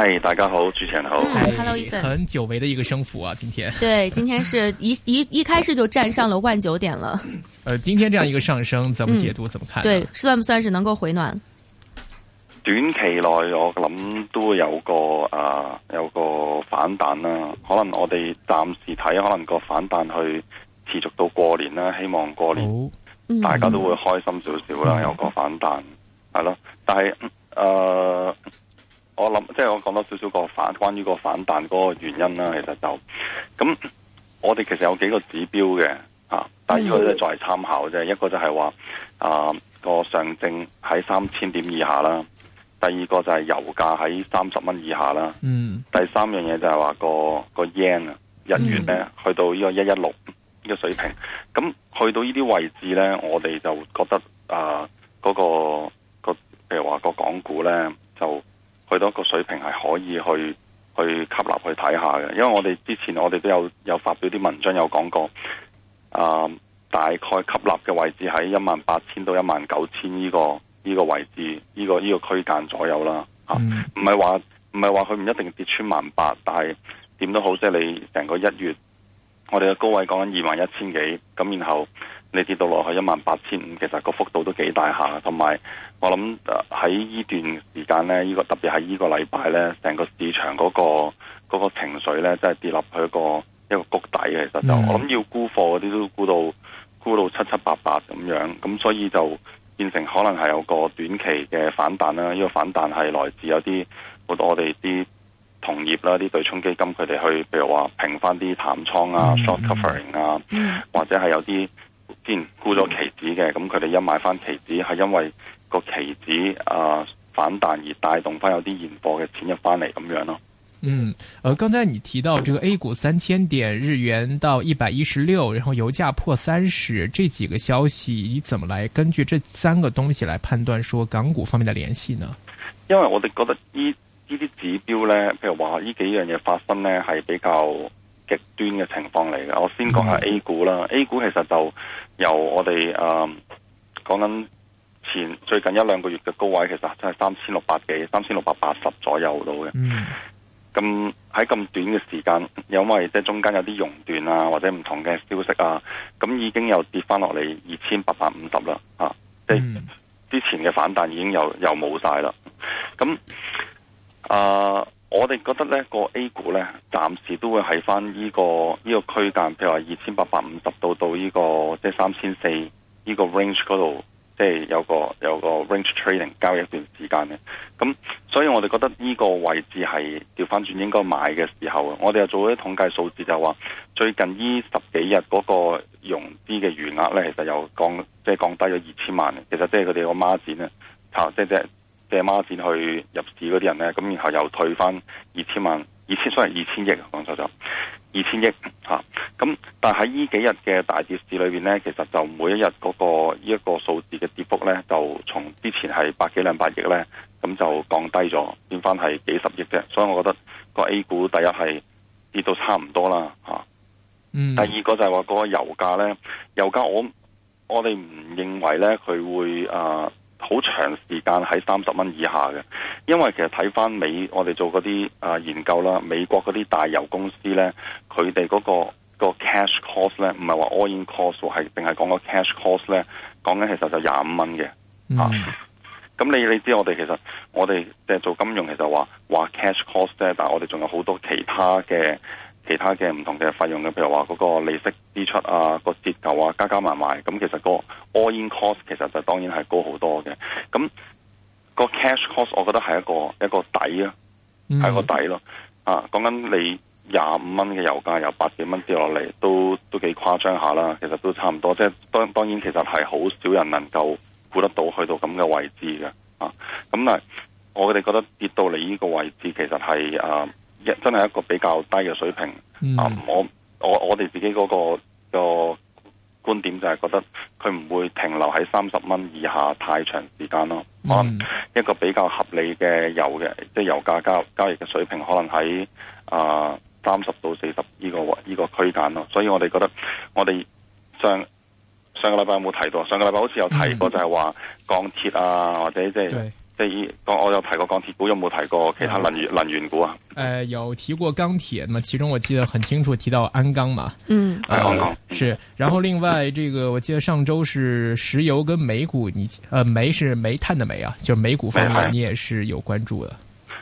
嗨、hey,，大家好，主持人好。嗯、h、hey, ello, Ethan, 很久違的一個升幅啊，今天。對，今天是一一一開始就站上了萬九點了。嗯。 呃，今天這樣一個上升，怎麼解讀、嗯、怎麼看、啊？對，算不算是能夠回暖？短期內我諗都有個啊、呃，有個反彈啦、啊。可能我哋暫時睇，可能個反彈去持續到過年啦、啊。希望過年大家都會開心少少啦、哦嗯，有個反彈係咯、嗯嗯。但係，誒、呃。我諗即係我講多少少個反關於個反彈嗰個原因啦。其實就咁，我哋其實有幾個指標嘅啊，第、mm-hmm. 啊那個 3,。第二個就作為參考啫，一個就係話啊個上證喺三千點以下啦。第二個就係油價喺三十蚊以下啦。嗯。第三樣嘢就係話個個 yen 啊日元咧去到呢個一一六呢個水平，咁去到呢啲位置咧，我哋就覺得啊嗰、那個個譬如話個港股咧就。去到一個水平係可以去去吸納去睇下嘅，因為我哋之前我哋都有有發表啲文章有講過，啊、呃、大概吸納嘅位置喺一萬八千到一萬九千呢個呢個位置呢個呢個區間左右啦，嚇、啊，唔係話唔係話佢唔一定跌穿萬八，但係點都好，即係你成個一月，我哋嘅高位講緊二萬一千幾，咁然後。你跌到落去一萬八千五，其實個幅度都幾大下，同埋我諗喺呢段時間呢，呢個特別係呢個禮拜呢，成個市場嗰、嗰個嗰、嗰個、情緒呢，真係跌落去一個一個谷底，其實就我諗要沽貨嗰啲都沽到沽到七七八八咁樣，咁所以就變成可能係有個短期嘅反彈啦。呢、呢個反彈係來自有啲我我哋啲同業啦，啲對沖基金佢哋去，譬如話平翻啲淡倉啊、mm-hmm.，short covering 啊、mm-hmm.，或者係有啲。先沽咗期指嘅，咁佢哋一買翻期指，係因為個期指啊反彈而帶動翻有啲現貨嘅錢入翻嚟咁樣咯。嗯，呃，剛才你提到這個 A 股三千點、日元到一百一十六，然後油價破三十，這幾個消息，你怎麼來根據這三個東西來判斷說港股方面的聯繫呢？因為我哋覺得呢呢啲指標咧，譬如話呢幾樣嘢發生咧，係比較極端嘅情況嚟嘅，我先講下 A 股啦、嗯。A 股其實就由我哋誒講緊前最近一兩個月嘅高位，其實真係三千六百幾、三千六百八十左右到嘅。咁喺咁短嘅時間，因為即係中間有啲熔斷啊，或者唔同嘅消息啊，咁已經又跌翻落嚟二千八百五十啦。吓、啊，即、嗯、係之前嘅反彈已經又又冇晒啦。咁啊。呃我哋覺得呢、呢個 A 股呢，暫時都會喺翻呢個呢、呢個區間，譬如話二千八百五十到到、這、呢個即係三千四呢個 range 嗰度，即係有個有個 range trading 交易一段時間嘅。咁所以我哋覺得呢個位置係調翻轉應該買嘅時候。我哋又做咗啲統計數字就話、是，最近呢十幾日嗰個融資嘅餘額呢，其實又降即係降低咗二千萬。其實即係佢哋個孖展呢查即係借孖展去入市嗰啲人咧，咁然後又退翻二千萬、二千，雖然二千億講錯咗，二千億吓。咁、啊、但係喺呢幾日嘅大跌市裏邊咧，其實就每一日嗰、那個呢一、這個數字嘅跌幅咧，就從之前係百幾兩百億咧，咁就降低咗，變翻係幾十億啫。所以我覺得個 A 股第一係跌到差唔多啦吓、啊。嗯。第二個就係話嗰個油價咧，油價我我哋唔認為咧佢會啊。好長時間喺三十蚊以下嘅，因為其實睇翻美，我哋做嗰啲啊研究啦，美國嗰啲大油公司咧，佢哋嗰個個 cash cost 咧，唔係話 all in cost，係定係講個 cash cost 咧，講緊其實就廿五蚊嘅啊。咁你你知我哋其實我哋即係做金融，其實話話 cash cost 呢，但係我哋仲有好多其他嘅。其他嘅唔同嘅費用嘅，譬如話嗰個利息支出啊，嗰個折舊啊，加加埋埋，咁其實個 all in cost 其實就當然係高好多嘅。咁個 cash cost 我覺得係一個一個底，係一個底、mm-hmm. 啊，係個底咯。啊，講緊你廿五蚊嘅油價由八點蚊跌落嚟，都都幾誇張下啦。其實都差唔多，即係當當然其實係好少人能夠估得到去到咁嘅位置嘅。啊，咁但係，我哋覺得跌到嚟呢個位置，其實係啊。真係一個比較低嘅水平啊，嗯！我我我哋自己嗰、嗰個、嗰個觀點就係覺得佢唔會停留喺三十蚊以下太長時間咯，嗯，一個比較合理嘅油嘅即係油價交交易嘅水平，可能喺啊三十到四十呢個呢、呢個區間咯。所以我哋覺得我哋上上個禮拜有冇提到？上個禮拜好似有提過，就係話鋼鐵啊，嗯、或者即、就、係、是。即係我有提過鋼鐵股，有冇提過其他能源能源股啊？誒、嗯呃，有提過鋼鐵，咁其中我記得很清楚提到鞍鋼嘛。嗯、鞍、呃、鋼、嗯、然後另外這個我記得上周是石油跟煤股，你，呃，煤是煤炭的煤啊，就是，煤股方面，啊、你也是有關注的。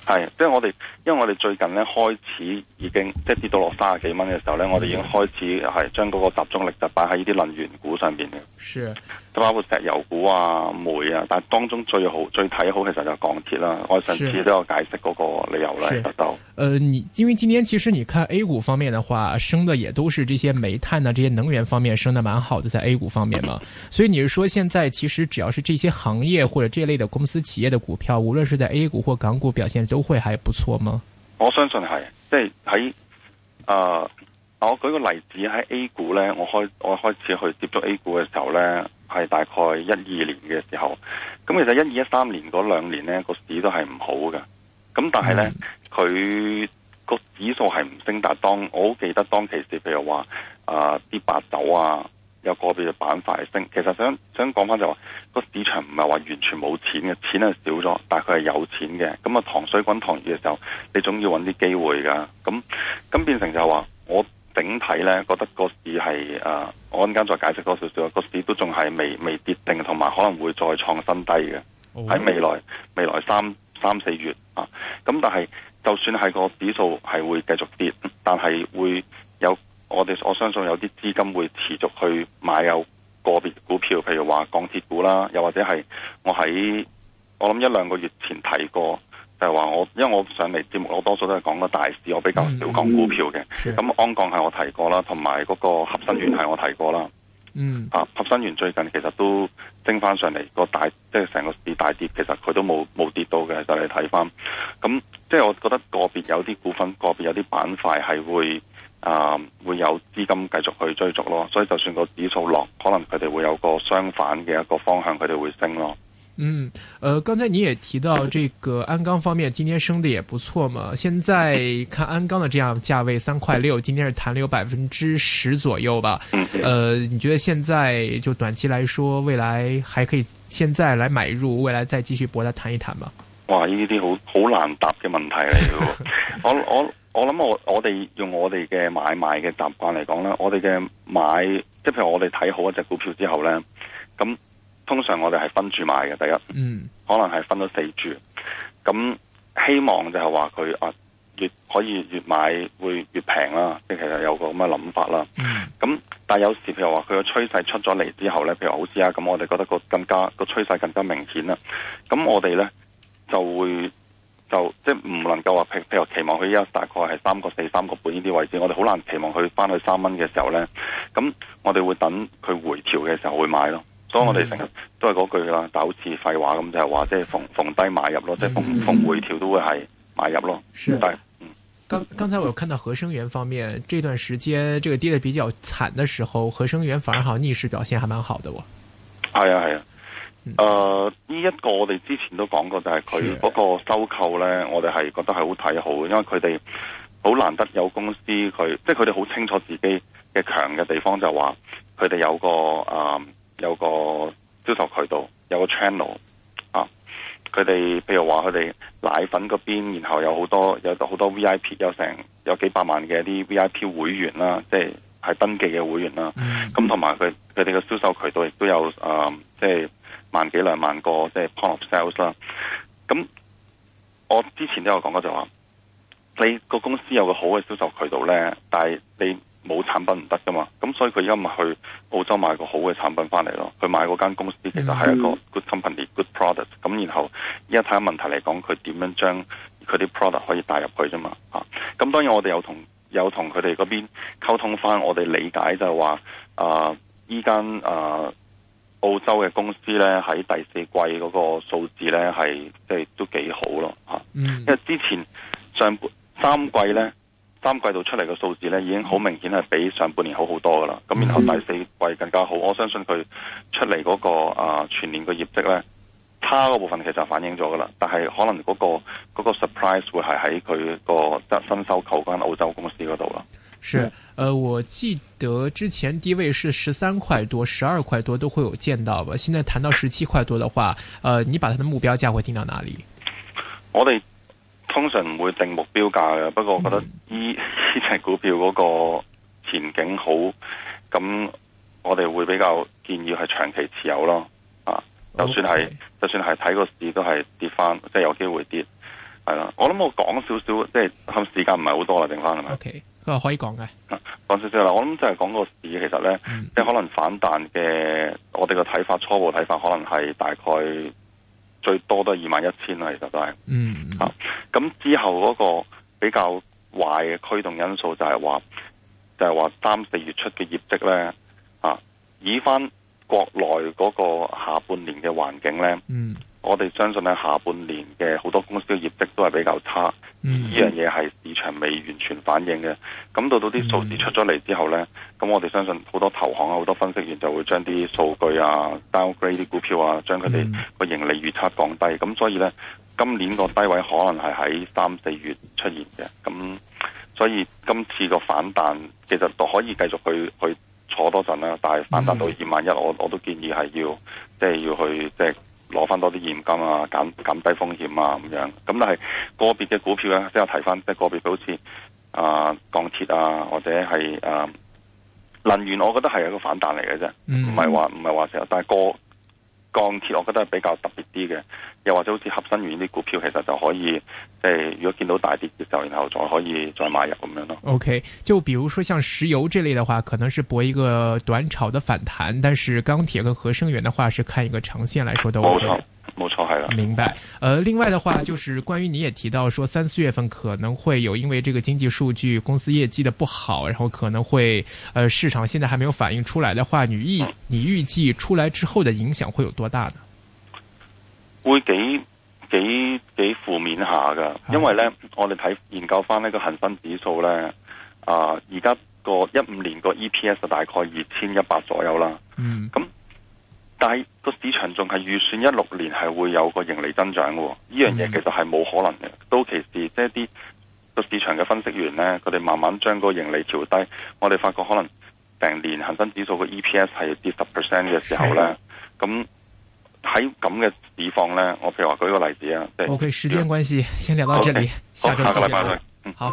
係、啊，因為我哋因為我哋最近咧開始。已經即係跌到落三十幾蚊嘅時候呢，我哋已經開始係將嗰個集中力就擺喺呢啲能源股上邊嘅，包括石油股啊、煤啊，但係當中最好、最睇好嘅就就鋼鐵啦。我上次都有解釋嗰個理由啦。得到。誒、呃，你因為今天其實你看 A 股方面的話，升的也都是這些煤炭啊、這些能源方面升得蠻好嘅，在 A 股方面嘛， 所以你是說現在其實只要是這些行業或者這類的公司企業的股票，無論是在 A 股或港股表現都會還不錯嗎？我相信係，即係喺誒，我舉個例子喺 A 股咧，我開我開始去接觸 A 股嘅時候咧，係大概一二年嘅時候，咁其實一二一三年嗰兩年咧，個市都係唔好嘅，咁但係咧，佢、嗯、個指數係唔升，但係當我好記得當其時，譬如話誒啲白酒啊。有個別嘅板塊升，其實想想講翻就話個市場唔係話完全冇錢嘅，錢係少咗，但係佢係有錢嘅。咁啊糖水滾糖漿嘅時候，你總要揾啲機會㗎。咁咁變成就話我整體呢覺得個市係啊，我陣間再解釋多少少。個市都仲係未未跌定，同埋可能會再創新低嘅。喺、okay. 未來未來三三四月啊，咁但係就算係個指數係會繼續跌，但係會有。我哋我相信有啲資金會持續去買有個別股票，譬如話鋼鐵股啦，又或者係我喺我諗一兩個月前提過，就係、是、話我，因為我上嚟節目我多數都係講個大市，我比較少講股票嘅。咁安鋼係我提過啦，同埋嗰個合生元係我提過啦。嗯，啊、嗯，合生元最近其實都升翻上嚟，個大即係成個市大跌，其實佢都冇冇跌到嘅，就係睇翻。咁即係我覺得個別有啲股份，個別有啲板塊係會。啊，會有資金繼續去追逐咯，所以就算個指數落，可能佢哋會有個相反嘅一個方向，佢哋會升咯。嗯，呃，剛才你也提到這個鞍鋼方面，今天升得也不錯嘛。現在看鞍鋼的這樣價位三塊六， 今天是彈了有百分之十左右吧。嗯，呃，你覺得現在就短期來說，未來還可以現在來買入，未來再繼續博，再彈一彈嘛？哇，呢啲好好難答嘅問題嚟嘅， 我我。我諗我我哋用我哋嘅買賣嘅習慣嚟講啦，我哋嘅買即係譬如我哋睇好一隻股票之後咧，咁通常我哋係分住買嘅，第一，嗯，可能係分咗四注，咁希望就係話佢啊越可以越買會越平啦，即係其實有個咁嘅諗法啦。咁、嗯、但係有時譬如話佢嘅趨勢出咗嚟之後咧，譬如好似啊，咁我哋覺得個更加個趨勢更加明顯啦，咁我哋咧就會。就即係唔能夠話譬譬如期望佢依家大概係三個四三個半呢啲位置，我哋好難期望佢翻去三蚊嘅時候咧。咁我哋會等佢回調嘅時候會買咯。嗯、所以我哋成日都係嗰句啦，但好似廢話咁就係話即係逢逢低買入咯，嗯、即係逢、嗯、逢回調都會係買入咯。是，但是嗯、剛剛才我有看到合生元方面，這段時間這個跌得比較慘的時候，合生元反而好逆勢表現，還蠻好的喎。係啊，係啊。誒、呃，呢一個我哋之前都講過，就係佢嗰個收購呢，我哋係覺得係好睇好嘅，因為佢哋好難得有公司，佢即係佢哋好清楚自己嘅強嘅地方，就話佢哋有個誒、呃、有個銷售渠道，有個 channel 啊。佢哋譬如話佢哋奶粉嗰邊，然後有好多有好多 VIP，有成有幾百萬嘅啲 VIP 會員啦，即係係登記嘅會員啦。咁同埋佢佢哋嘅銷售渠道亦都有誒、呃，即係。萬幾兩萬個即係 point of sales 啦，咁我之前都有講過就話，你個公司有個好嘅銷售渠道呢，但係你冇產品唔得噶嘛，咁所以佢而家咪去澳洲買個好嘅產品翻嚟咯，佢買嗰間公司其實係一個 good company good product，咁然後依家睇下問題嚟講，佢點樣將佢啲 product 可以帶入去啫嘛，咁當然我哋有同有同佢哋嗰邊溝通翻，我哋理解就係話啊依間啊。呃澳洲嘅公司呢，喺第四季嗰個數字呢，係即係都幾好咯吓，因為之前上半三季呢，三季度出嚟嘅數字呢，已經好明顯係比上半年好好多噶啦，咁、嗯、然後第四季更加好，我相信佢出嚟嗰、嗰個啊全年嘅業績呢，差嗰部分其實反映咗噶啦，但係可能嗰、嗰個嗰、嗰個 surprise 會係喺佢個新收購間澳洲公司嗰度啦。是，呃，我記得之前低位是十三塊多，十二塊多都會有見到吧。現在談到十七塊多的話，呃，你把它的目標價會定到哪裏？我哋通常唔會定目標價嘅，不過我覺得依隻，嗯、股票嗰個前景好，咁我哋會比較建議係長期持有咯。啊，就算係，okay. 就算係睇個市都係跌翻，即係有機會跌，係啦。我諗我講少少，即係時間唔係好多啦，定翻係咪？Okay. 都可以講嘅，講少少啦。我諗就係講個市，其實咧，即係可能反彈嘅。我哋嘅睇法初步睇法，可能係大概最多都係二萬一千啦。其實都係嗯，啊，咁之後嗰個比較壞嘅驅動因素就係話，就係話三四月出嘅業績咧，啊，以翻國內嗰個下半年嘅環境咧。嗯我哋相信咧，下半年嘅好多公司嘅業績都係比較差，呢樣嘢係市場未完全反映嘅。咁到到啲數字出咗嚟之後咧，咁、嗯、我哋相信好多投行啊、好多分析員就會將啲數據啊、downgrade 啲股票啊，將佢哋個盈利預測降低。咁、嗯、所以咧，今年個低位可能係喺三四月出現嘅。咁所以今次個反彈其實都可以繼續去去坐多陣啦。但係反彈到二萬一，我我都建議係要即係、即係、要去即係。即係攞翻多啲現金啊，減減低風險啊，咁樣。咁但係個別嘅股票咧，即係我提翻，即係個別好似啊鋼鐵啊，或者係啊、呃、能源，我覺得係一個反彈嚟嘅啫，唔係話唔係話成日，但係個。鋼鐵我覺得比較特別啲嘅，又或者好似合生元啲股票，其實就可以即如果見到大跌嘅時候，然後再可以再買入咁樣咯。OK，就比如說像石油這類的話，可能是博一個短炒的反彈，但是鋼鐵跟合生元的話，是看一個長線來說都。OK。冇錯係啦，明白。呃，另外的話，就是關於你也提到說，三四月份可能會有因為這個經濟數據、公司業績的不好，然後可能會，呃，市場現在還沒有反映出來的話，你預、嗯、你預計出來之後的影響會有多大呢？會幾幾幾負面下㗎、啊，因為呢我哋睇研究返呢個恒生指數呢啊，而、呃、家個一五年個 E P S 大概二千一百左右啦。嗯，咁、嗯。但係個市場仲係預算一六年係會有個盈利增長嘅、哦，呢樣嘢其實係冇可能嘅。嗯。到其時即係啲個市場嘅分析員咧，佢哋慢慢將個盈利調低，我哋發覺可能成年恒生指數嘅 E P S 係跌十 percent 嘅時候呢，咁喺咁嘅市況呢，我譬如話舉個例子啊。O、okay, K，時間關係，先聊到這裏，okay. 下個禮拜好。嗯